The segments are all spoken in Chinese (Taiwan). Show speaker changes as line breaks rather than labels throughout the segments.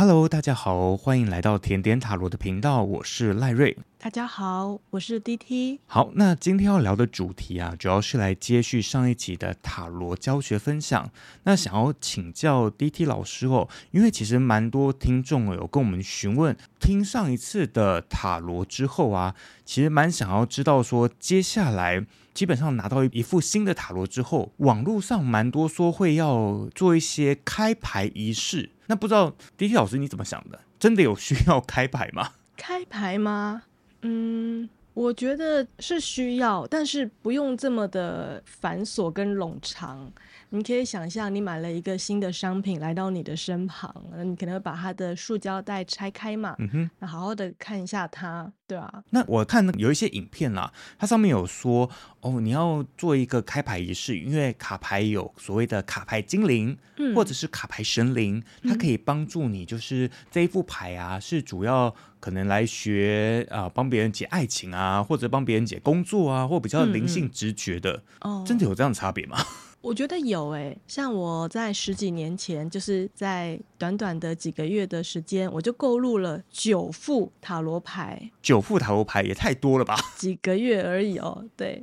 Hello，大家好，歡迎來到甜點塔羅的頻道，我是賴瑞。大
家好，我是 DT。
好，那今天要聊的主題啊，主要是來接續上一集的塔羅教學分享。那想要請教 DT 老師哦，因為其實蠻多聽眾有跟我們詢問，聽上一次的塔羅之後啊，其實蠻想要知道說，接下來基本上拿到一副新的塔羅之後，網絡上蠻多說會要做一些開牌儀式。那不知道 DT 老師你怎麼想的？真的有需要開牌嗎？
開牌嗎？嗯，我覺得是需要，但是不用這麼的繁瑣跟冗長。你可以想象，你買了一個新的商品來到你的身旁，你可能會把它的塑膠袋拆開嘛？那、嗯哼、好好的看一下它，對啊。
那我看有一些影片啦、啊，它上面有說哦，你要做一個開牌儀式，因為卡牌有所謂的卡牌精靈，嗯、或者是卡牌神靈，它可以幫助你，就是這一副牌啊，嗯、是主要可能來學啊、呃，幫別人解愛情啊，或者幫別人解工作啊，或比較靈性直覺的嗯嗯，哦。真的有這樣的差別嗎？
我覺得有誒，像我在十幾年前，就是在短短的幾個月的時間，我就購入了九副塔羅牌。
九副塔羅牌也太多了吧？
幾個月而已哦，對，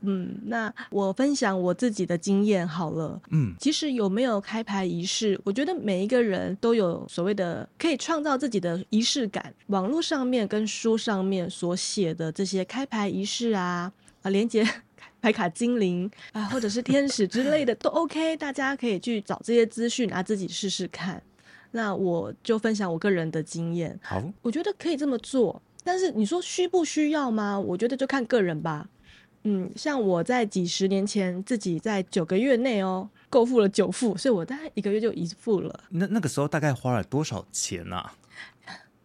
嗯，那我分享我自己的經驗好了，嗯，其實有沒有開牌儀式，我覺得每一個人都有所謂的可以創造自己的儀式感。網絡上面跟書上面所寫的這些開牌儀式啊，啊，連結。牌卡精靈啊、呃，或者是天使之類的 都 OK，大家可以去找這些資訊，啊，自己試試看。那我就分享我個人的經驗，好，我覺得可以這麼做。但是你說需不需要嗎？我覺得就看個人吧。嗯，像我在幾十年前，自己在九個月內哦，購付了九副，所以我大概一個月就一副了。
那那個時候大概花了多少錢呢、啊？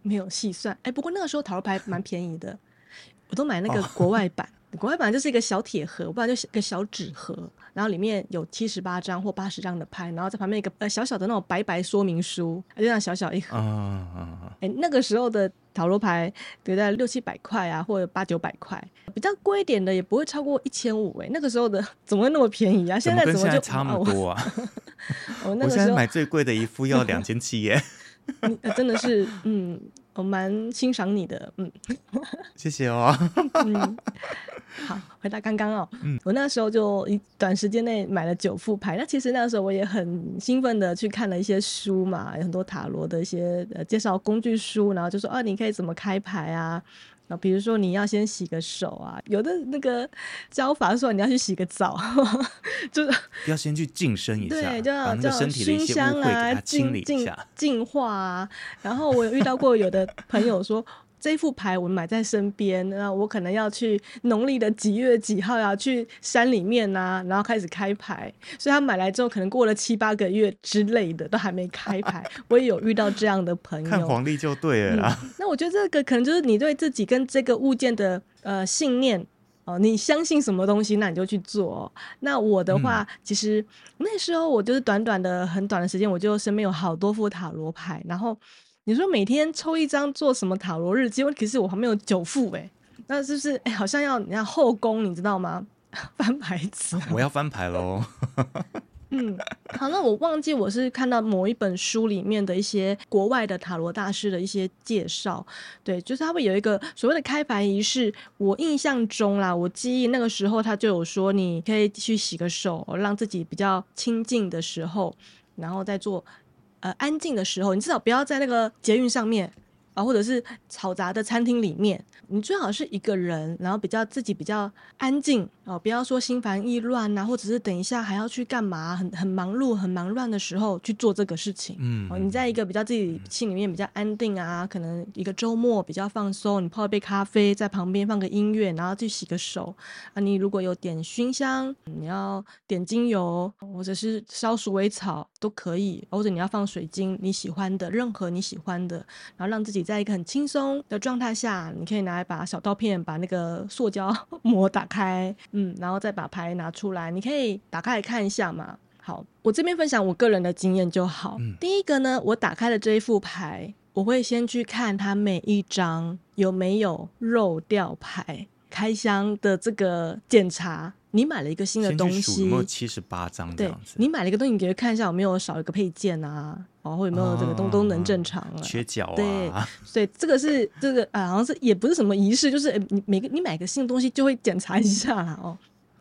沒有細算，哎、欸，不過那個時候桃牌還蠻便宜的， 我都買那個國外版。 國外本來就是一個小鐵盒，不然就是一個小紙盒，然後裡面有七十八張或八十張的牌，然後在旁邊一個呃小小的那種白白說明書，就那樣小小一盒。
哎、
嗯欸，那個時候的塔羅牌得在六七百塊啊，或者八九百塊，比較貴一點的也不會超過一千五。哎，那個時候的怎麼會那麼便宜啊？現在怎麼就怎麼跟現在差那麼多啊？哦、 我那個時候買
最貴的一副要兩千七耶。
你、呃、真的是，嗯，我蠻欣賞你的，
嗯， 謝謝哦我。 嗯，好，
回答剛剛哦，嗯，我那時候就一短時間內買了九副牌，那其實那時候我也很興奮的去看了一些書嘛，有很多塔羅的一些、呃、介紹工具書，然後就說哦、啊，你可以怎麼開牌啊。那比如說，你要先洗個手啊，有的那個教法說你要去洗個澡， 就
是要先去淨身一下對，就要，把那個身體的一些污穢、啊啊、給清理
淨、啊、化啊。然後我有遇到過有的朋友說。 這副牌我買在身邊，那我可能要去農曆的幾月幾號要去山裡面呢、啊，然後開始開牌。所以他買來之後，可能過了七八個月之類的，都還沒開牌。我也有遇到這樣的朋友。 看黃
曆就對了、嗯。
那我覺得這個可能就是你對自己跟這個物件的呃信念哦、呃，你相信什麼東西，那你就去做。那我的話，嗯啊、其實那時候我就是短短的很短的時間，我就身邊有好多副塔羅牌，然後。你說每天抽一張做什麼塔羅日記？可是我還沒有九副哎、欸，那是不是哎？好像要你要後宮，你知道嗎？ 翻牌子，
我要翻牌嘍。 嗯，
好，那我忘記我是看到某一本書裡面的一些國外的塔羅大師的一些介紹。對，就是他會有一個所謂的開牌儀式。我印象中啦，我記憶那個時候，他就有說你可以去洗個手，讓自己比較清靜的時候，然後再做。呃，安靜的時候，你至少不要在那個捷運上面。啊，或者是嘈雜的餐廳裡面，你最好是一個人，然後比較自己比較安靜哦，不要說心煩意亂啊，或者是等一下還要去幹嘛，很很忙碌、很忙亂的時候去做這個事情。嗯，哦，你在一個比較自己心裡面比較安定啊，嗯，可能一個周末比較放鬆，你泡一杯咖啡，在旁邊放個音樂，然後去洗個手。啊，你如果有點熏香，你要點精油，或者是燒鼠尾草都可以，或者你要放水晶，你喜歡的任何你喜歡的，然後讓自己。在一個很輕鬆的狀態下，你可以拿一把小刀片把那個塑膠膜打開，嗯，然後再把牌拿出來，你可以打開來看一下嘛。好，我這邊分享我個人的經驗就好，嗯。第一個呢，我打開了這一副牌，我會先去看它每一張有沒有漏掉牌開箱的這個檢查。你買了一個新的東西，
七十八張，對
這樣子。你買了一個東西，你會看一下有沒有少一個配件啊，然、哦、後有沒有這個東東能正常、啊哦，缺
角啊。對，
所以這個是這個啊，好像是也不是什麼儀式，就是、欸、你每個你買個新的東西就會檢查一下啦哦。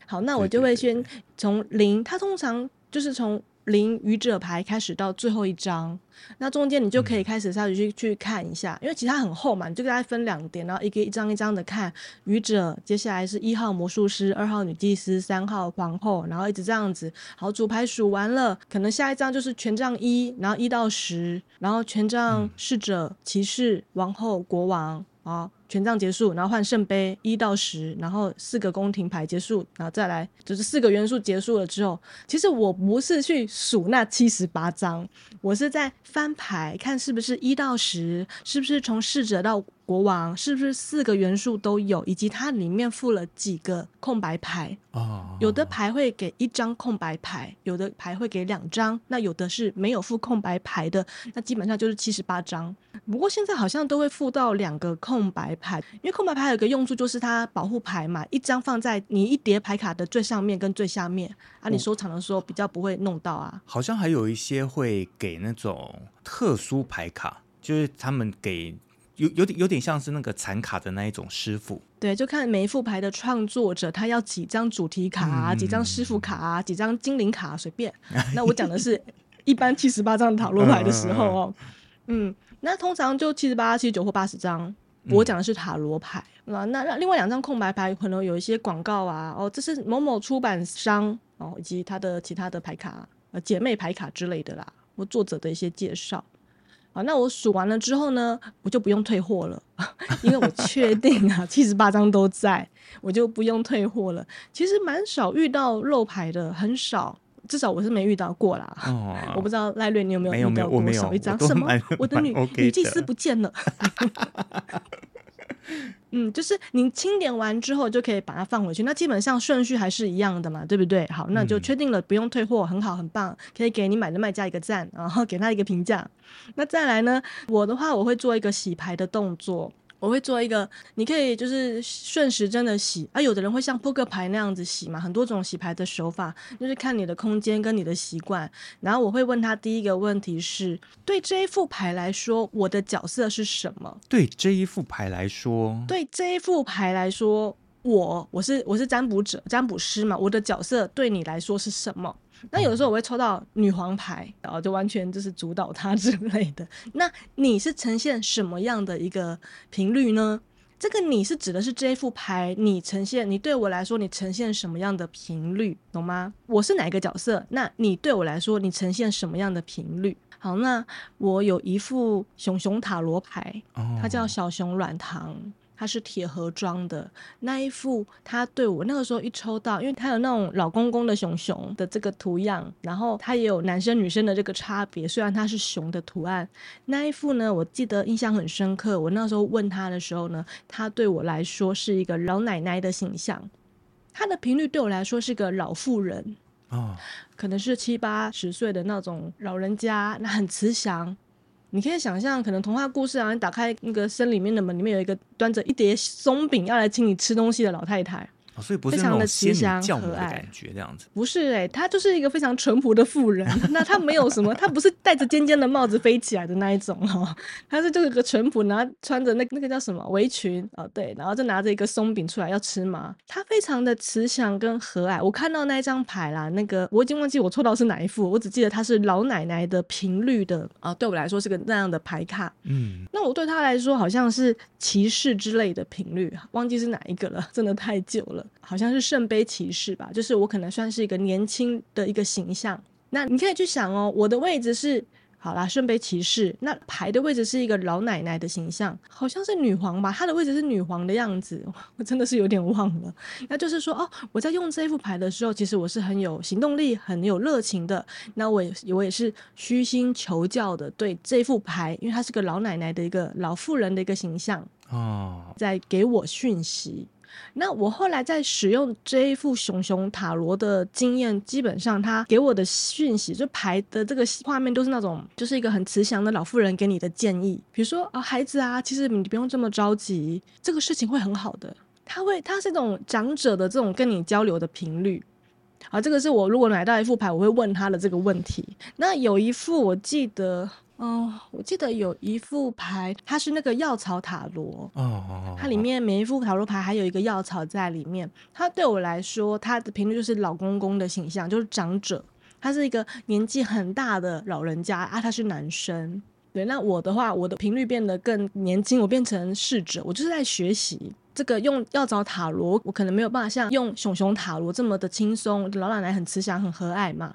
好，那我就會先從零對對對對，它通常就是從。零愚者牌開始到最後一張，那中間你就可以開始下去去去看一下，嗯、因為其實它很厚嘛，你就給大家分兩點，然後一個一張一張的看愚者，接下來是一號魔術師，二號女祭司，三號皇後，然後一直這樣子。好，主牌數完了，可能下一張就是權杖一，然後一到十，然後權杖侍者、嗯、騎士、王后、國王啊。權杖結束，然後換聖杯一到十，然後四個宮廷牌結束，然後再來就是四個元素結束了之後，其實我不是去數那七十八張，我是在翻牌看是不是一到十，是不是從侍者到。國王是不是四個元素都有，以及它裡面附了幾個空白牌哦，有的牌會給一張空白牌，有的牌會給兩張，那有的是沒有附空白牌的，那基本上就是七十八張。不過現在好像都會附到兩個空白牌，因為空白牌有個用處，就是它保護牌嘛，一張放在你一疊牌卡的最上面跟最下面啊，你收藏的時候比較不會弄到啊。哦，
好像還有一些會給那種特殊牌卡，就是他們給。有有點有點像是那個殘卡的那一種師傅，
對，就看每一副牌的創作者，他要幾張主題卡、啊嗯，幾張師傅卡、啊嗯，幾張精靈卡、啊，隨便、嗯。那我講的是一般七十八張塔羅牌的時候哦、嗯嗯，嗯，那通常就七十八、七十九或八十張。我講的是塔羅牌，那、嗯、那另外兩張空白牌可能有一些廣告啊，哦，這是某某出版商哦，以及他的其他的牌卡、呃，姐妹牌卡之類的啦，或作者的一些介紹。好，那我數完了之後呢，我就不用退貨了， 因為我確定啊，七十八張都在， 我就不用退貨了。其實蠻少遇到漏牌的，很少，至少我是沒遇到過啦。哦，我不知道賴瑞你有沒有遇到過？沒有，我沒有，我少一張，什麼？我的女女祭司不見了。 嗯，就是您清點完之後就可以把它放回去，那基本上順序還是一樣的嘛，對不對？好，那就確定了，不用退貨，嗯，很好，很棒，可以給你買的賣家一個讚，然後給他一個評價。那再來呢，我的話我會做一個洗牌的動作。我會做一個，你可以就是順時針的洗啊，有的人會像撲克牌那樣子洗嘛，很多種洗牌的手法，就是看你的空間跟你的習慣。然後我會問他第一個問題是：對這一副牌來說，我的角色是什麼？
對這一副牌來說，
對這一副牌來說，我我是我是占卜者、占卜師嘛，我的角色對你來說是什麼？那有的時候我會抽到女皇牌，然後就完全就是主導它之類的。那你是呈現什麼樣的一個頻率呢？這個你是指的是這一副牌，你呈現，你對我來說，你呈現什麼樣的頻率，懂嗎？我是哪一個角色？那你對我來說，你呈現什麼樣的頻率？好，那我有一副熊熊塔羅牌，它叫小熊軟糖。它是鐵盒裝的那一副，它對我那個時候一抽到，因為它有那種老公公的熊熊的這個圖樣，然後它也有男生女生的這個差別。雖然它是熊的圖案，那一副呢，我記得印象很深刻。我那時候問他的時候呢，他對我來說是一個老奶奶的形象，他的頻率對我來說是個老婦人啊，哦，可能是七八十歲的那種老人家，那很慈祥。你可以想象，可能童話故事啊，你打開那個森裡面的門，裡面有一個端着一碟鬆餅要來請你吃東西的老太太。
哦、所以不是非常的慈祥可愛的感覺這樣子，
不是哎、欸，他就是一個非常淳樸的婦人。 那他沒有什麼，他不是戴着尖尖的帽子飛起來的那一種哦，他是就是個淳樸然後穿着那個、那個叫什麼圍裙哦，對，然後就拿着一個鬆餅出來要吃嘛。他非常的慈祥跟和藹。我看到那一張牌啦，那個我已經忘記我抽到是哪一副，我只記得他是老奶奶的頻率的啊、哦，對我來說是個那樣的牌卡。嗯，那我對她來說好像是騎士之類的頻率，忘記是哪一個了，真的太久了。好像是聖杯騎士吧，就是我可能算是一個年輕的一個形象。那你可以去想哦，我的位置是好啦，聖杯騎士，那牌的位置是一個老奶奶的形象，好像是女皇吧？她的位置是女皇的樣子，我真的是有點忘了。那就是說哦，我在用這副牌的時候，其實我是很有行動力、很有熱情的。那我也我也是虛心求教的，對這副牌，因為它是個老奶奶的一個老婦人的一個形象，在給我訊息。那我後來在使用這一副熊熊塔羅的經驗，基本上它給我的訊息，就牌的這個畫面都是那種，就是一個很慈祥的老婦人給你的建議。比如說啊，哦，孩子啊，其實你不用這麼着急，這個事情會很好的。它會，它是一種長者的這種跟你交流的頻率。啊，這個是我如果買到一副牌，我會問他的這個問題。那有一副我記得。嗯、oh,，我記得有一副牌，它是那個藥草塔羅。哦、oh, oh, oh,
oh, oh. 它
裡面每一副塔羅牌還有一個藥草在裡面。它對我來說，它的頻率就是老公公的形象，就是長者。他是一個年紀很大的老人家啊，他是男生。對，那我的話，我的頻率變得更年輕，我變成侍者，我就是在學習這個用藥草塔羅，我可能沒有辦法像用熊熊塔羅這麼的輕鬆。老奶奶很慈祥，很和藹嘛，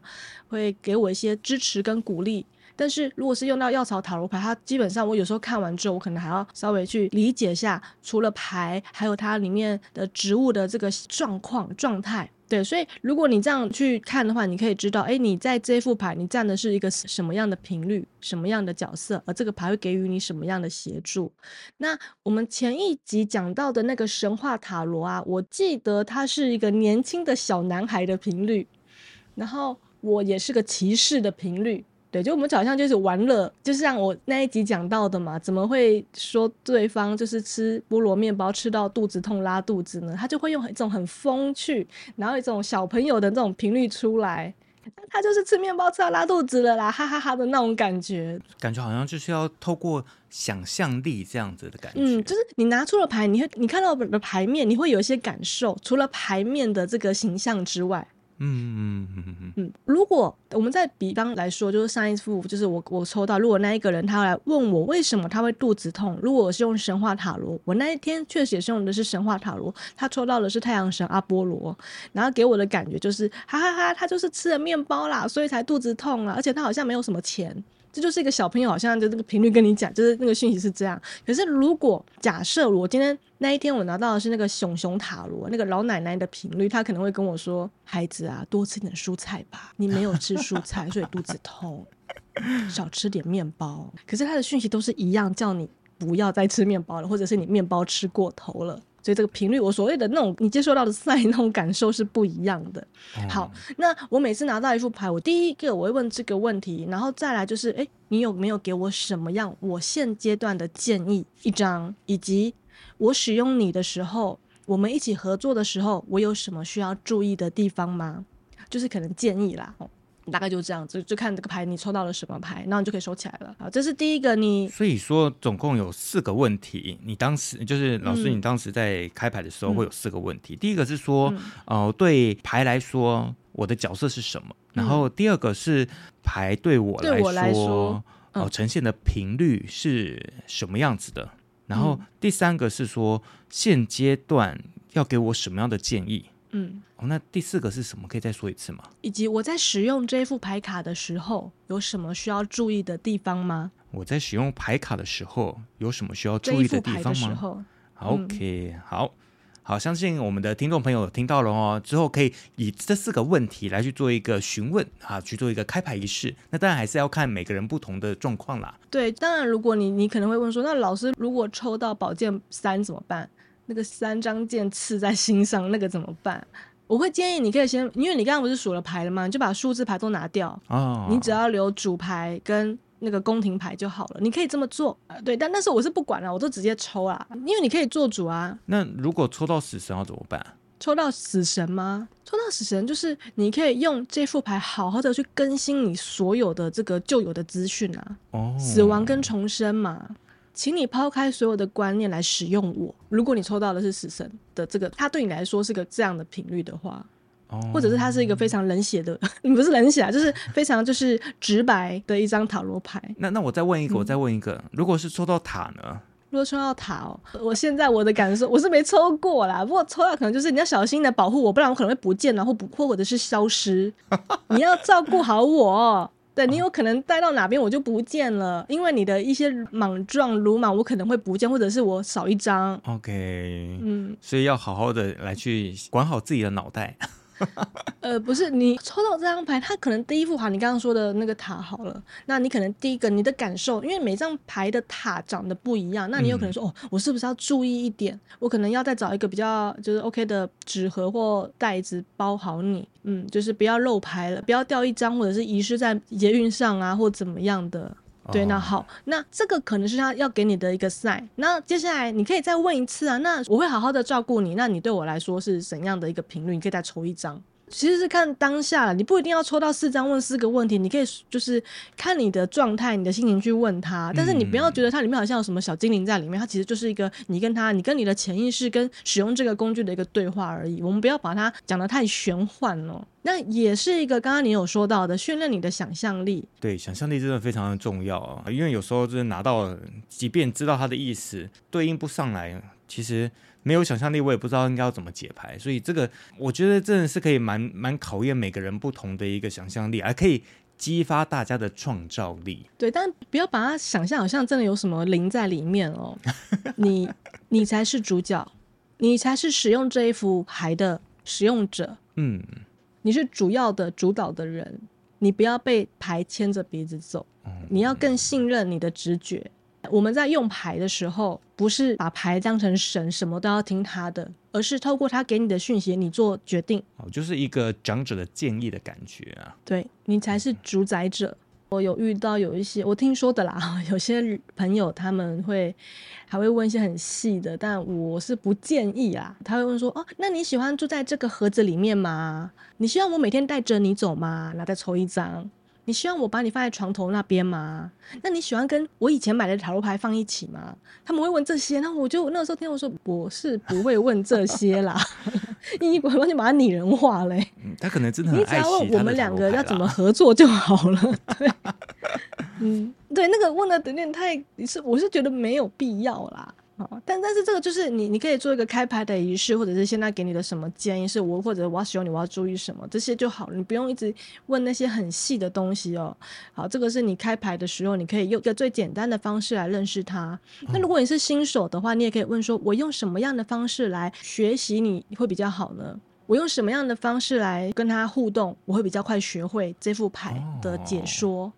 會給我一些支持跟鼓勵。但是如果是用到藥草塔羅牌，它基本上我有時候看完之後，我可能還要稍微去理解一下，除了牌，還有它裡面的植物的這個狀況、狀態。對，所以如果你這樣去看的話，你可以知道，哎、欸，你在這副牌你佔的是一個什麼樣的頻率，什麼樣的角色，而這個牌會給予你什麼樣的協助。那我們前一集講到的那個神話塔羅啊，我記得它是一個年輕的小男孩的頻率，然後我也是個騎士的頻率。對，就我們好像就是玩樂，就像我那一集講到的嘛，怎麼會說對方就是吃菠蘿麵包吃到肚子痛拉肚子呢？他就會用一種很風趣，然後一種小朋友的那種頻率出來，他就是吃麵包吃到拉肚子了啦，哈哈哈哈的那種感覺，
感覺好像就是要透過想象力這樣子的感覺。
嗯，就是你拿出了牌，你會你看到的牌面，你會有一些感受，除了牌面的這個形象之外。
嗯
嗯嗯嗯嗯，如果我們在比方來說，就是上一副，就是我我抽到，如果那一個人他來問我為什麼他會肚子痛，如果我是用神話塔羅，我那一天確實也是用的是神話塔羅，他抽到的是太陽神阿波羅，然後給我的感覺就是哈哈哈哈，他就是吃了麵包啦，所以才肚子痛啦，而且他好像沒有什麼錢。這就是一個小朋友，好像就這個頻率跟你講，就是那個訊息是這樣。可是如果假設我今天那一天我拿到的是那個熊熊塔羅，那個老奶奶的頻率，她可能會跟我說：“孩子啊，多吃點蔬菜吧，你沒有吃蔬菜，所以肚子痛，少吃點麵包。”可是他的訊息都是一樣，叫你不要再吃麵包了，或者是你麵包吃過頭了。所以這個頻率，我所謂的那種你接受到的賽那種感受是不一樣的。嗯。好，那我每次拿到一副牌，我第一個我會問這個問題，然後再來就是，哎、欸，你有沒有給我什麼樣我現階段的建議一張，以及我使用你的時候，我們一起合作的時候，我有什麼需要注意的地方嗎？就是可能建議啦。大概就是這樣子，就看這個牌你抽到了什麼牌，然後你就可以收起來了。好，這是第一個
你。所以說總共有四個問題，你當時就是老師，你當時在開牌的時候會有四個問題。嗯、第一個是說，哦、嗯呃，對牌來說，我的角色是什麼？嗯、然後第二個是牌對我來說，哦、呃，呈現的頻率是什麼樣子的？嗯、然後第三個是說現階段要給我什麼樣的建議？嗯，哦，那第四個是什麼？可以再說一次嗎？
以及我在使用這一副牌卡的時候，有什麼需要注意的地方嗎？
我在使用牌卡的時候，有什麼需要注意的地方嗎？時候。OK，嗯，好好，相信我們的聽眾朋友有聽到了哦，之後可以以這四個問題來去做一個詢問啊，去做一個開牌儀式。那當然還是要看每個人不同的狀況啦。
對，當然，如果你你可能會問說，那老師如果抽到寶劍三怎麼辦？那個三張劍刺在心上，那個怎麼辦？我會建議你可以先，因為你剛剛不是數了牌了嗎？你就把數字牌都拿掉啊、哦，你只要留主牌跟那個宮廷牌就好了。你可以這麼做，對。但但是我是不管了，我都直接抽啊，因為你可以做主啊。
那如果抽到死神要怎麼辦？
抽到死神嗎？抽到死神就是你可以用這副牌好好的去更新你所有的這個舊有的資訊啊、哦，死亡跟重生嘛。請你拋開所有的觀念來使用我。如果你抽到的是死神的這個，它對你來說是個這樣的頻率的話，
或者是
它是一個非常冷血的，oh. 你不是冷血啊，就是非常就是直白的一張塔羅牌。
那那我再問一個，我再問一個、嗯，如果是抽到塔呢？如
果抽到塔哦、喔，我現在我的感受，我是沒抽過啦，不過抽到可能就是你要小心的保護我，不然我可能會不見，然後或不或或者是消失。 你要照顧好我。對，你有可能帶到哪邊我就不見了，哦，因為你的一些莽撞魯莽，我可能會不見，或者是我少一張。
OK，嗯，所以要好好的來去管好自己的腦袋。
呃，不是，你抽到這張牌，它可能第一副牌你剛剛說的那個塔好了，那你可能第一個你的感受，因為每張牌的塔長得不一樣，那你有可能說、嗯，哦，我是不是要注意一點？我可能要再找一個比較就是 OK 的紙盒或袋子包好你，嗯，就是不要漏牌了，不要掉一張或者是遺失在捷運上啊，或怎麼樣的。對，那好，oh. 那這個可能是他要給你的一個 sign。那接下來你可以再問一次啊，那我會好好的照顧你。那你對我來說是怎樣的一個頻率？你可以再抽一張。其實是看當下了，你不一定要抽到四張問四個問題，你可以就是看你的狀態、你的心情去問他。但是你不要覺得它裡面好像有什麼小精靈在裡面，它、嗯、其實就是一個你跟他、你跟你的潛意識跟使用這個工具的一個對話而已。我們不要把它講得太玄幻了。那也是一個剛剛你有說到的，訓練你的想象力。
對，想象力真的非常的重要啊，因為有時候就是拿到，即便知道它的意思，對應不上來。其實沒有想象力，我也不知道應該要怎麼解牌，所以這個我覺得真的是可以蠻蠻考驗每個人不同的一個想象力，而可以激發大家的創造力。
對，但不要把它想象好像真的有什麼靈在裡面哦。 你你才是主角，你才是使用這一副牌的使用者。嗯，你是主要的主導的人，你不要被牌牽着鼻子走。嗯，你要更信任你的直覺。我們在用牌的時候，不是把牌當成神，什麼都要聽他的，而是透過他給你的訊息，你做決定。
哦，就是一個長者的建議的感覺啊。
對，你才是主宰者。嗯。我有遇到有一些我聽說的啦，有些朋友他們會還會問一些很細的，但我是不建議啊。他會問說，哦，那你喜歡住在這個盒子裡面嗎？你希望我每天帶着你走嗎？然後再抽一張。你希望我把你放在床頭那邊嗎？那你喜歡跟我以前買的塔羅牌放一起嗎？他們會問這些，那我就那個時候聽我說，我是不會問這些啦。你完全把它擬人化嘞欸，嗯，
他可能真的很愛他的。你只要問我們兩個要怎
麼合作就好了。 嗯，對，那個問的有點太是，我是覺得沒有必要啦。好，但但是這個就是你，你可以做一個開牌的儀式，或者是現在給你的什麼建議，是我或者我要使用你我要注意什麼，這些就好了，你不用一直問那些很細的東西哦。好，這個是你開牌的時候，你可以用一個最簡單的方式來認識它。那如果你是新手的話，你也可以問說，我用什麼樣的方式來學習你會比較好呢？我用什麼樣的方式來跟他互動，我會比較快學會這副牌的解說。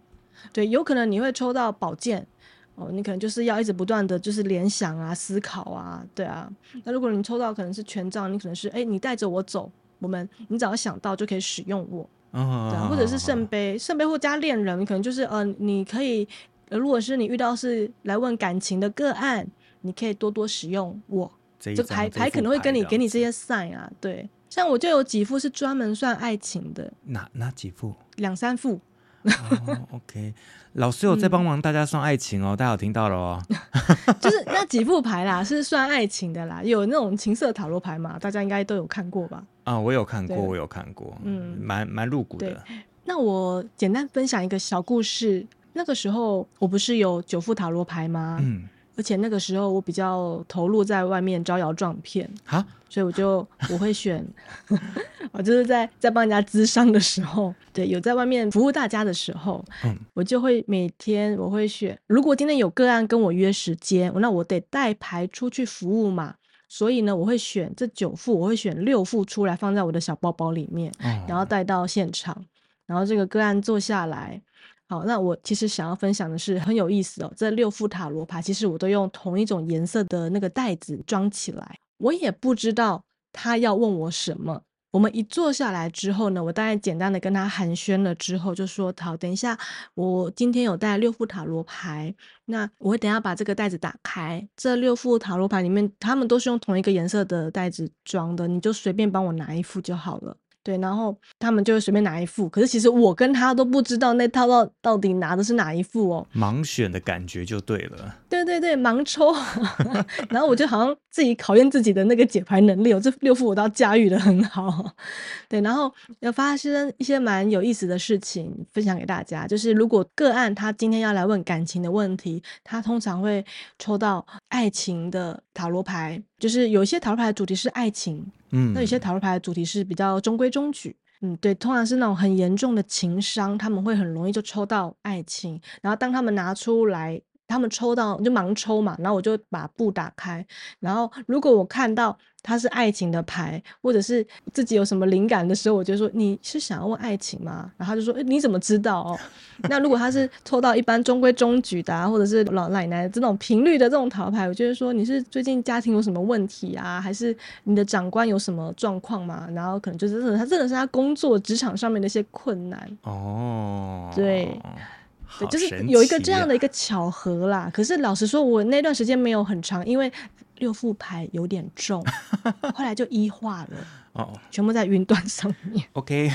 對，有可能你會抽到寶劍。哦，你可能就是要一直不斷的就是聯想啊、思考啊，對啊。那如果你抽到可能是權杖，你可能是哎、欸，你帶着我走，我們，你只要想到就可以使用我，
嗯、對、嗯。或者是
聖杯，聖、嗯、杯或加戀人，可能就是呃，你可以，如果是你遇到是來問感情的個案，你可以多多使用我，這牌牌可能會跟你給你這些 sign 啊，對。像我就有幾副是專門算愛情的，
哪哪幾副？
兩三副。
哦、 oh,，OK，老師有在幫忙大家算愛情哦，嗯、大家有聽到了
哦 就是那幾副牌啦，是算愛情的啦，有那種情色塔羅牌嘛，大家應該都有看過吧？
啊，我有看過，我有看過，嗯，蠻蠻露骨的。
那我簡單分享一個小故事，那個時候我不是有九副塔羅牌嗎？嗯。而且那個時候我比較投入在外面招搖撞騙，哈，所以我就我會選， 我就是在在幫人家諮商的時候，對，有在外面服務大家的時候，嗯，我就會每天我會選，如果今天有個案跟我約時間，那我得帶牌出去服務嘛，所以呢，我會選這九副，我會選六副出來放在我的小包包裡面，嗯嗯，然後帶到現場，然後這個個案坐下來。好，那我其實想要分享的是很有意思哦。這六副塔羅牌其實我都用同一種顏色的那個袋子裝起來。我也不知道他要問我什麼。我們一坐下來之後呢，我大概簡單的跟他寒暄了之後，就說：好，等一下，我今天有帶六副塔羅牌，那我會等一下把這個袋子打開。這六副塔羅牌裡面，他們都是用同一個顏色的袋子裝的，你就隨便幫我拿一副就好了。對，然後他們就會隨便拿一副，可是其實我跟他都不知道那套到到底拿的是哪一副哦。
盲選的感覺就對了。
對對對，盲抽， 然後我就好像自己考驗自己的那個解牌能力哦，這六副我都駕馭得很好。對，然後有發生一些蠻有意思的事情，分享給大家，就是如果個案他今天要來問感情的問題，他通常會抽到愛情的塔羅牌。就是有一些塔羅牌的主題是愛情，嗯，那有些塔羅牌的主題是比較中規中矩，嗯，對，通常是那種很嚴重的情傷，他們會很容易就抽到愛情，然後當他們拿出來。他們抽到就盲抽嘛，然後我就把布打開，然後如果我看到他是愛情的牌，或者是自己有什麼靈感的時候，我就說你是想要問愛情嗎？然後他就說誒，你怎麼知道哦？ 那如果他是抽到一般中規中矩的啊，或者是老奶奶這種頻率的這種桃牌，我就說你是最近家庭有什麼問題啊？還是你的長官有什麼狀況嗎？然後可能就是他真的是他工作職場上面的一些困難哦，對。
對，就是有一個這樣的一
個巧合啦，啊、可是老實說，我那段時間沒有很長，因為六副牌有點重， 後來就一化了，哦、oh.，全部在雲端上面。OK，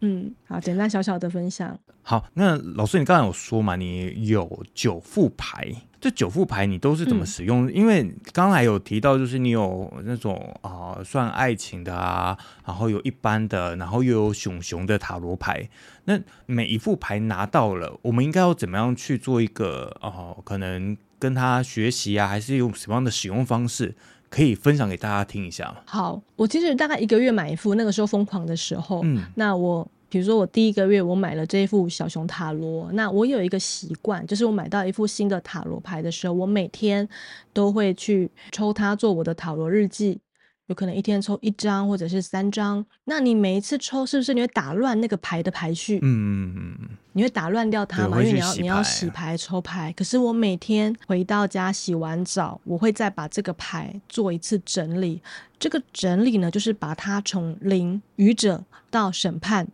嗯，好，簡單小小的分享。
好，那老師，你剛才有說嘛，你有九副牌。這九副牌你都是怎麼使用？嗯、因為剛才有提到，就是你有那種啊、呃、算愛情的啊，然後有一般的，然後又有熊熊的塔羅牌。那每一副牌拿到了，我們應該要怎麼樣去做一個哦、呃？可能跟他學習啊，還是用什麼樣的使用方式，可以分享給大家聽一下？
好，我其實大概一個月買一副，那個時候瘋狂的時候，嗯，那我。比如說，我第一個月我買了這一副小熊塔羅，那我有一個習慣，就是我買到一副新的塔羅牌的時候，我每天都會去抽它做我的塔羅日記，有可能一天抽一張或者是三張。那你每一次抽，是不是你會打亂那個牌的排序？嗯嗯嗯，你會打亂掉它嘛，因為你要你要洗牌抽牌。可是我每天回到家洗完澡，我會再把這個牌做一次整理。這個整理呢，就是把它從零愚者到審判。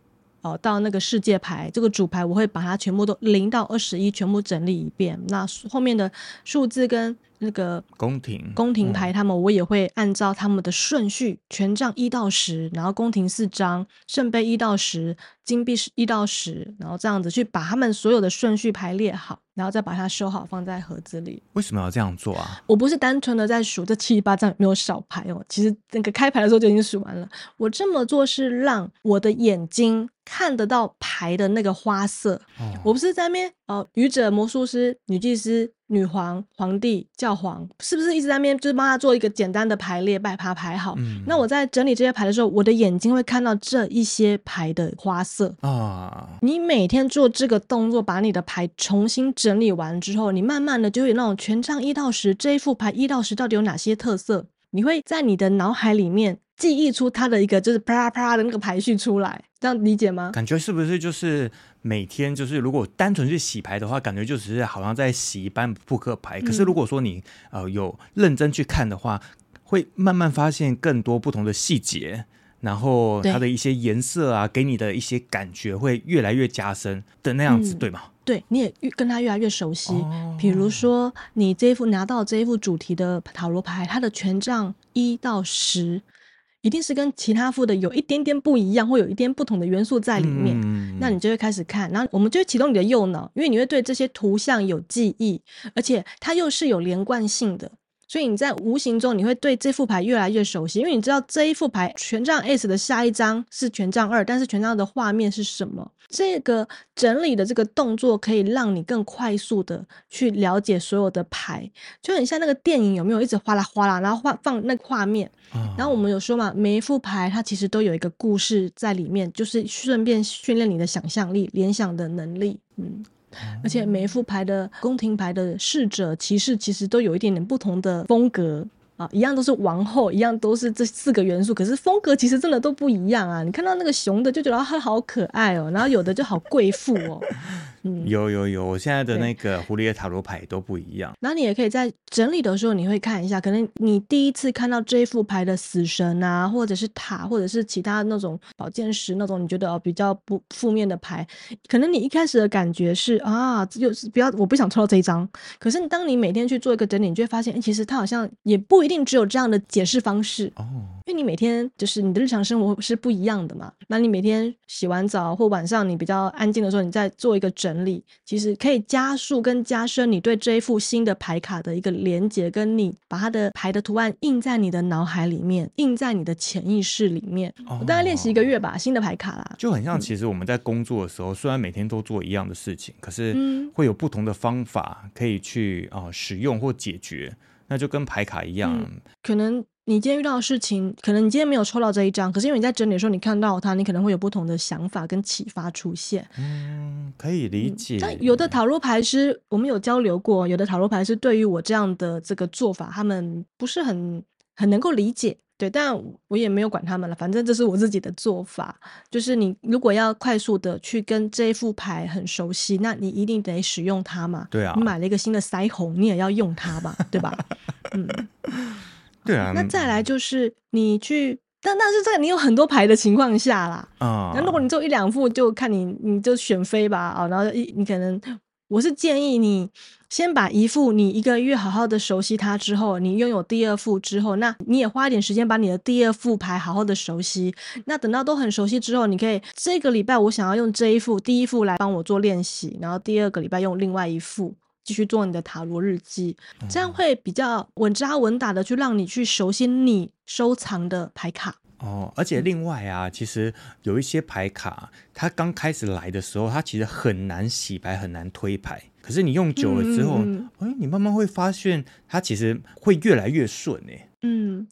哦，到那個世界牌，這個主牌，我會把它全部都零到二十一全部整理一遍。那後面的數字跟那個
宮廷宮廷牌，
他們我也會按照他們的順序，嗯、權杖一到十，然後宮廷四張，聖杯一到十，金幣是一到十，然後這樣子去把他們所有的順序排列好。然後再把它收好，放在盒子裡。
為什麼要這樣做啊？
我不是單純的在數這七十八張有沒有少牌哦。其實那個開牌的時候就已經數完了。我這麼做是讓我的眼睛看得到牌的那個花色。哦、我不是在面哦、呃，愚者、魔術師、女祭司、女皇、皇帝、教皇，是不是一直在面？就是幫他做一個簡單的排列，把牌排好、嗯。那我在整理這些牌的時候，我的眼睛會看到這一些牌的花色啊、哦。你每天做這個動作，把你的牌重新。整理完之後，你慢慢的就有那種權杖一到十這一副牌一到十到底有哪些特色，你會在你的腦海裡面記憶出它的一個就是啪啦啪啦的那個排序出來，這樣理解嗎？感
覺是不是就是每天就是如果單純去洗牌的話，感覺就是好像在洗一般撲克牌。嗯、可是如果說你呃有認真去看的話，會慢慢發現更多不同的細節，然後它的一些顏色啊，給你的一些感覺會越來越加深的那樣子，嗯、對嗎？
對，你也越跟他越來越熟悉。哦、比如說，你這一副拿到這一副主題的塔羅牌，它的權杖一到十，一定是跟其他副的有一點點不一樣，或有一點不同的元素在裡面，嗯。那你就會開始看，然後我們就會啟動你的右腦，因為你會對這些圖像有記憶，而且它又是有連貫性的，所以你在無形中你會對這副牌越來越熟悉，因為你知道這一副牌權杖 S 的下一張是權杖二，但是權杖2的畫面是什麼？這個整理的這個動作可以讓你更快速的去了解所有的牌，就很像那個電影有沒有一直嘩啦嘩啦，然後畫放那個畫面，嗯。然後我們有說嘛，每一副牌它其實都有一個故事在裡面，就是順便訓練你的想象力、聯想的能力。嗯，嗯，而且每一副牌的宮廷牌的侍者、騎士其實其實都有一點點不同的風格。啊，一樣都是王後，一樣都是這四個元素，可是風格其實真的都不一樣啊！你看到那個熊的就覺得它好可愛哦、喔，然後有的就好貴婦哦。
嗯、有有有，我現在的那個狐狸的塔羅牌都不一樣。
然後你也可以在整理的時候，你會看一下，可能你第一次看到這一副牌的死神啊，或者是塔，或者是其他那種寶劍十，那種，你覺得、哦、比較不負面的牌，可能你一開始的感覺是啊，就是不要，我不想抽到這一張。可是當你每天去做一個整理，你就會發現，哎，其實它好像也不一定只有這樣的解釋方式哦。因為你每天就是你的日常生活是不一樣的嘛，那你每天洗完澡或晚上你比較安靜的時候，你再做一個整理，其實可以加速跟加深你對這一副新的牌卡的一個連接，跟你把它的牌的圖案印在你的腦海裡面，印在你的潛意識裡面。Oh, 我大概練習一個月吧，Oh. 新的牌卡啦，就很像其
實我們在工作的時候，嗯，雖然每天都做一樣的事情，可是會有不同的方法可以去啊，呃，使用或解決。那就跟牌卡一樣。
嗯，可能你今天遇到的事情，可能你今天沒有抽到這一張，可是因為你在整理的時候，你看到它，你可能會有不同的想法跟啟發出現。嗯，
可以理解。但
有的塔羅牌師，我們有交流過，有的塔羅牌師對於我這樣的這個做法，他們不是很很能夠理解。對，但我也沒有管他們了。反正這是我自己的做法。就是你如果要快速的去跟這一副牌很熟悉，那你一定得使用它嘛。對啊，你買了一個新的腮紅，你也要用它吧，對吧？ 嗯，
對啊、哦。那再
來就是你去，但但是在你有很多牌的情況下啦。啊，那如果你做一兩副，就看你你就選飛吧。啊、哦，然後一你可能，我是建議你，先把一副你一個月好好的熟悉它之後，你擁有第二副之後，那你也花一點時間把你的第二副牌好好的熟悉，那等到都很熟悉之後，你可以，這個禮拜我想要用這一副，第一副來幫我做練習，然後第二個禮拜用另外一副繼續做你的塔羅日記，這樣會比較穩紮穩打的去讓你去熟悉你收藏的牌卡。
哦，而且另外啊、嗯，其實有一些牌卡，它剛開始來的時候，它其實很難洗牌，很難推牌。可是你用久了之後，哎、嗯欸，你慢慢會發現，它其實會越來越順哎、欸。嗯，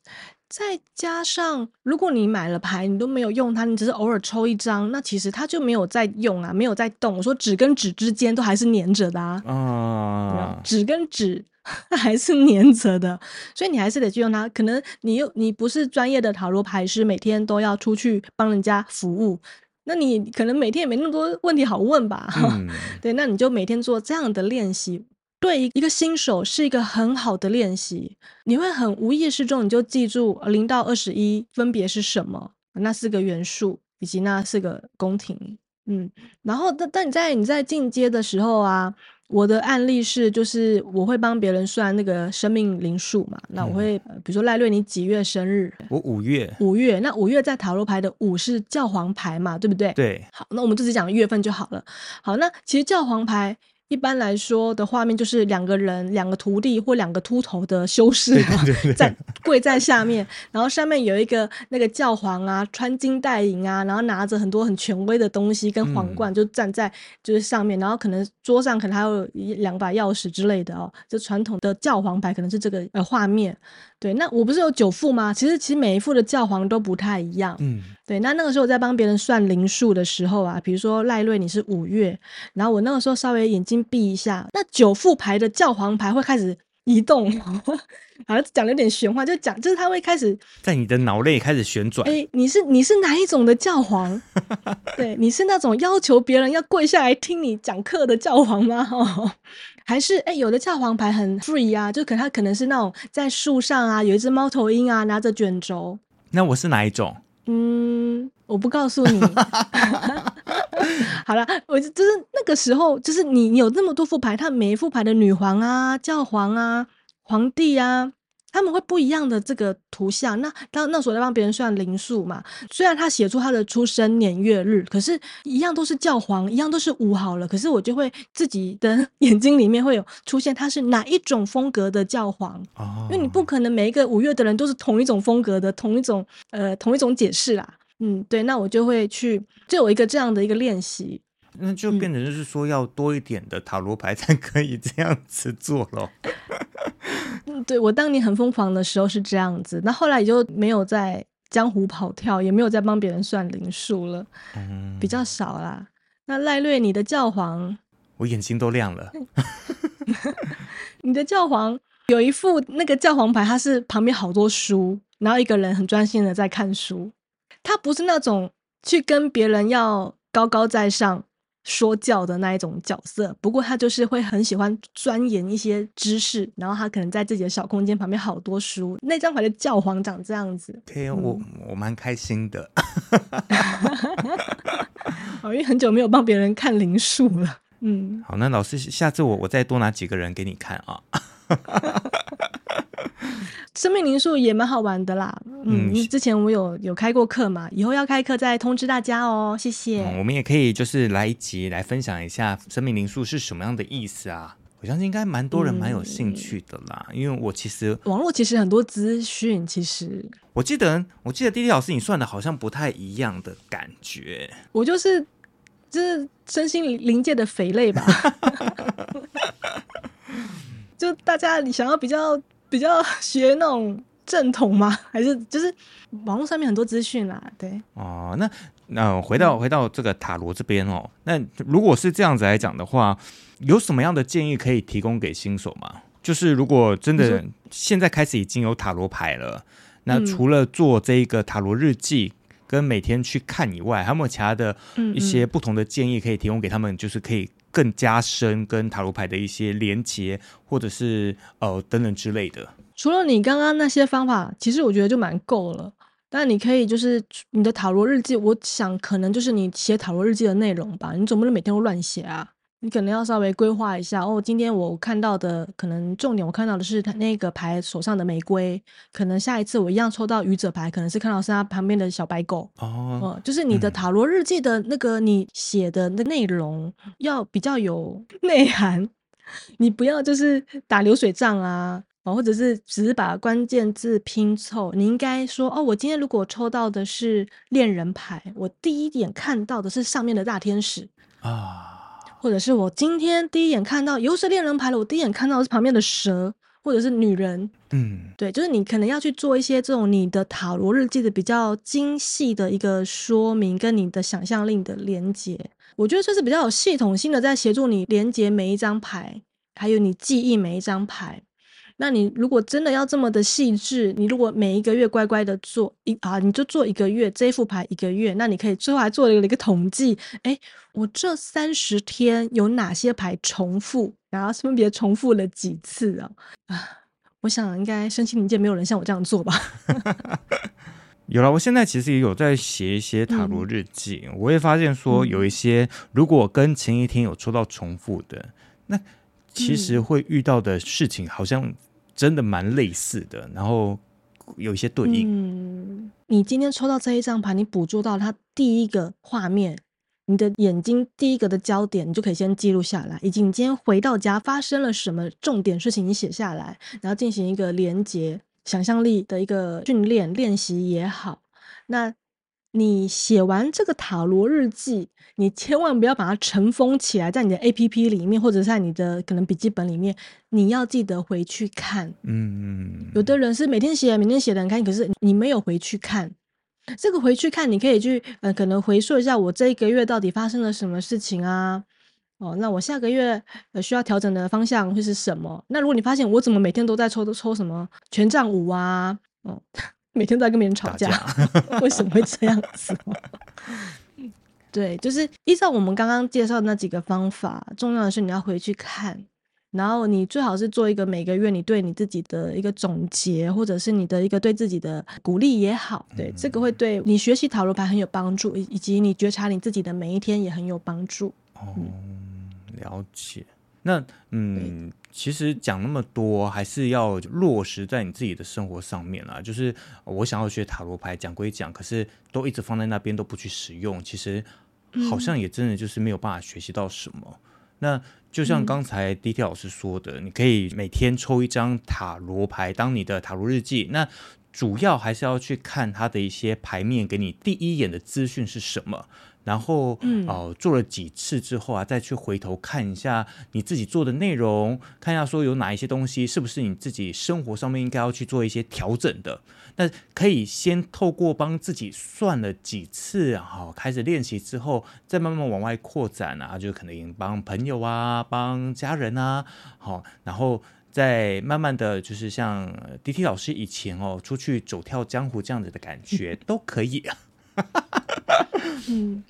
再加上如果你買了牌，你都沒有用它，你只是偶爾抽一張，那其實它就沒有在用啊，沒有在動。我說紙跟紙之間都還是粘着的
啊，紙、嗯、
跟紙。 還是粘着的，所以你還是得去用它。可能你又你不是專業的塔羅牌師，每天都要出去幫人家服務，那你可能每天也沒那麼多問題好問吧？嗯、 對，那你就每天做這樣的練習。對，一個新手是一個很好的練習。你會很無意識中你就記住零到二十一分別是什麼，那四個元素以及那四個宮廷。嗯，然後但但你在你在進階的時候啊。我的案例是，就是我會幫別人算那個生命靈數嘛、嗯。那我會，呃、比如說賴瑞，你幾月生日？
我五月。
五月，那五月在塔羅牌的五是教皇牌嘛，對不對？對。好，那我們就只講月份就好了。好，那其實教皇牌。一般來說的畫面就是兩個人，兩個徒弟或兩個禿頭的修士在 跪在下面，然後上面有一個那個教皇啊，穿金戴銀啊，然後拿着很多很權威的東西跟皇冠，就站在就是上面，嗯，然後可能桌上可能還有一兩把鑰匙之類的哦，就傳統的教皇牌可能是這個呃畫面。對，那我不是有九副嗎？其實其實每一副的教皇都不太一樣。嗯，對，那那個時候我在幫別人算靈數的時候啊，比如說賴瑞你是五月，然後我那個時候稍微眼睛閉一下，那九副牌的教皇牌會開始。移動， 好像講了點玄幻，就講就是他會開始
在你的腦內開始旋轉。哎、欸，
你是你是哪一種的教皇？ 對，你是那種要求別人要跪下來聽你講課的教皇嗎？哦，還是哎、欸，有的教皇牌很 free 啊，就可他可能是那種在樹上啊，有一隻貓頭鷹啊，拿着卷軸。
那我是哪一種？
嗯，我不告訴你。 好啦，我就是那個時候，就是你有那麼多副牌，他每一副牌的女皇啊、教皇啊、皇帝啊。他們會不一樣的這個圖像，那當那時候在幫別人算靈數嘛，雖然他寫出他的出生年月日，可是一樣都是教皇，一樣都是五號了，可是我就會自己的眼睛裡面會有出現他是哪一種風格的教皇，因為你不可能每一個五月的人都是同一種風格的，同一種呃同一種解釋啦，嗯，對，那我就會去就有一個這樣的一個練習。
那就變成就是說，要多一點的塔羅牌才，嗯，可以這樣子做嘍。
對，我當年很瘋狂的時候是這樣子，那後，後來也就沒有在江湖跑跳，也沒有在幫別人算靈數了，嗯，比較少啦。那賴瑞，你的教皇，
我眼睛都亮了。
你的教皇有一副那個教皇牌，他是旁邊好多書，然後一個人很專心的在看書。他不是那種去跟別人要高高在上。說教的那一種角色，不過他就是會很喜歡鑽研一些知識，然後他可能在自己的小空間，旁邊好多書。那張牌的教皇長這樣子，對、嗯，okay,
我我蠻開心的，哈哈
哈哈哈。好，因為很久沒有幫別人看靈數了， 嗯。
好，那老師，下次我我再多拿幾個人給你看啊，哈哈哈哈哈。
生命靈數也蠻好玩的啦，嗯，嗯，之前我有有開過課嘛，以後要開課再通知大家哦，謝謝。嗯、
我們也可以就是來一集來分享一下生命靈數是什麼樣的意思啊？我相信應該蠻多人蠻有興趣的啦，嗯、因為我其實網絡其實很多資訊，其實我記得我記得 D.T 老師你算的好像不太一樣的感覺，
我就是就是身心靈靈界的肥類吧， 就大家你想要比較。比較學那種正統嗎？還是就是網絡上面很多資訊啊？對
哦，那那，呃，回到回到這個塔羅這邊哦，嗯，那如果是這樣子來講的話，有什麼樣的建議可以提供給新手嗎？就是如果真的現在開始已經有塔羅牌了，嗯，那除了做這個塔羅日記跟每天去看以外，還有沒有其他的一些不同的建議可以提供給他們？嗯嗯，就是可以。更加深跟塔羅牌的一些連結，或者是呃等等之類的。
除了你剛剛那些方法，其實我覺得就蠻夠了。但你可以就是你的塔羅日記，我想可能就是你寫塔羅日記的內容吧，你總不能每天都亂寫啊。你可能要稍微規劃一下哦。今天我看到的可能重點，我看到的是他那個牌手上的玫瑰。可能下一次我一樣抽到愚者牌，可能是看到是他旁邊的小白狗哦、oh, 呃。就是你的塔羅日記的那個你寫的那個內容要比較有內涵、嗯，你不要就是打流水賬啊、呃，或者是只是把關鍵字拼湊。你應該說哦，我今天如果抽到的是戀人牌，我第一眼看到的是上面的大天使啊。Oh. 或者是我今天第一眼看到又是戀人牌了，我第一眼看到是旁邊的蛇，或者是女人，嗯，對，就是你可能要去做一些這種你的塔羅日記的比較精細的一個說明，跟你的想象力的連接，我覺得這是比較有系統性的在協助你連接每一張牌，還有你記憶每一張牌。那你如果真的要這麼的細緻，你如果每一個月乖乖的做一啊，你就做一個月，這副牌一個月，那你可以最後還做了一個統計，哎、欸，我這三十天有哪些牌重複，然後分別重複了幾次啊？啊，我想應該身心靈界沒有人像我這樣做吧？
有了，我現在其實也有在寫一些塔羅日記、嗯，我也發現說有一些如果跟前一天有抽到重複的、嗯，那其實會遇到的事情好像。真的蠻類似的，然後有一些對應。嗯，你
今天抽到這一張牌，你捕捉到它第一個畫面，你的眼睛第一個的焦點，你就可以先記錄下來。以及你今天回到家發生了什麼重點事情，你寫下來，然後進行一個連接想象力的一個訓練練習也好，那。你寫完這個塔羅日記，你千萬不要把它塵封起來，在你的 A P P 裡面，或者在你的可能筆記本裡面，你要記得回去看。嗯嗯，嗯。有的人是每天寫，每天寫的很開心，可是你沒有回去看。這個回去看，你可以去呃，可能回溯一下我這一個月到底發生了什麼事情啊？哦，那我下個月需要調整的方向會是什麼？那如果你發現我怎麼每天都在抽抽什麼權杖五啊，哦。每天在跟別人吵架，架 為什麼會這樣子？ 對，就是依照我們剛剛介紹的那幾個方法，重要的是你要回去看，然後你最好是做一個每個月你對你自己的一個總結，或者是你的一個對自己的鼓勵也好。對、嗯，這個會對你學習塔羅牌很有幫助，以以及你覺察你自己的每一天也很有幫助、嗯。
哦，了解。那嗯。其實講那麼多，還是要落實在你自己的生活上面啦。就是我想要學塔羅牌，講歸講，可是都一直放在那邊都不去使用，其實好像也真的就是沒有辦法學習到什麼。嗯。那就像剛才 D.T 老師說的，嗯，你可以每天抽一張塔羅牌當你的塔羅日記，那主要還是要去看它的一些牌面，給你第一眼的資訊是什麼。然後，哦、呃，做了幾次之後啊，再去回頭看一下你自己做的內容，看一下說有哪一些東西是不是你自己生活上面應該要去做一些調整的。那可以先透過幫自己算了幾次，哈、哦，開始練習之後，再慢慢往外擴展啊，就可能幫朋友啊，幫家人啊，好、哦，然後再慢慢的就是像 D.T 老師以前哦，出去走跳江湖這樣子的感覺都可以。 嗯，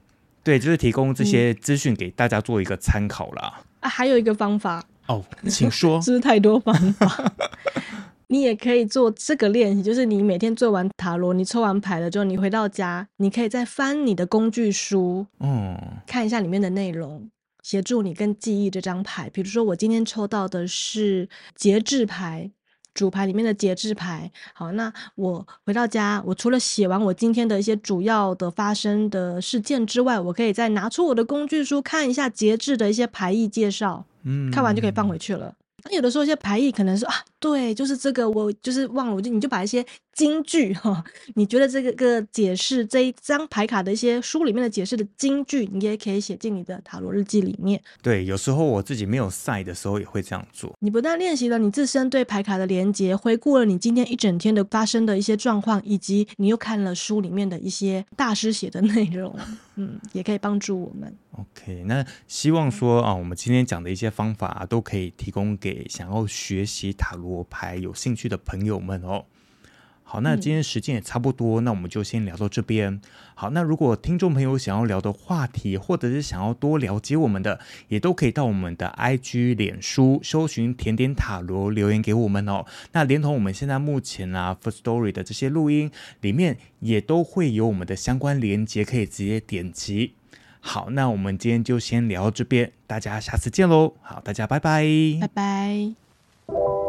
對，就是提供這些資訊給大家做一個參考啦、
嗯。啊，還有一個方法
哦，oh, 請說。 是不是
太多方法？ 你也可以做這個練習，就是你每天做完塔羅，你抽完牌了之後，你回到家，你可以再翻你的工具書，嗯，看一下裡面的內容，協助你跟記憶這張牌。比如說，我今天抽到的是節制牌。主牌裡面的節制牌，好，那我回到家，我除了寫完我今天的一些主要的發生的事件之外，我可以再拿出我的工具書看一下節制的一些牌意介紹，嗯，看完就可以放回去了。那有的時候一些牌意可能是啊。對，就是這個，我就是忘了，我就你就把一些金句哈，哦，你覺得這個個解釋這一張牌卡的一些書裡面的解釋的金句，你也可以寫進你的塔羅日記裡面。
對，有時候我自己沒有曬的時候也會這樣做。
你不但練習了你自身對牌卡的連接，回顧了你今天一整天的發生的一些狀況，以及你又看了書裡面的一些大師寫的內容，嗯，也可以幫助我們。
OK，那希望說啊，我們今天講的一些方法啊，都可以提供給想要學習塔羅。國牌有興趣的朋友們哦，好，那今天時間也差不多，嗯，那我們就先聊到這邊。好，那如果聽眾朋友想要聊的話題，或者是想要多了解我們的，也都可以到我們的 IG、臉書搜尋甜點塔羅留言給我們哦。那連同我們現在目前啊 Firstory 的這些錄音裡面，也都會有我們的相關連接，可以直接點擊。好，那我們今天就先聊到這邊，大家下次見嘍。好，大家拜拜，拜
拜。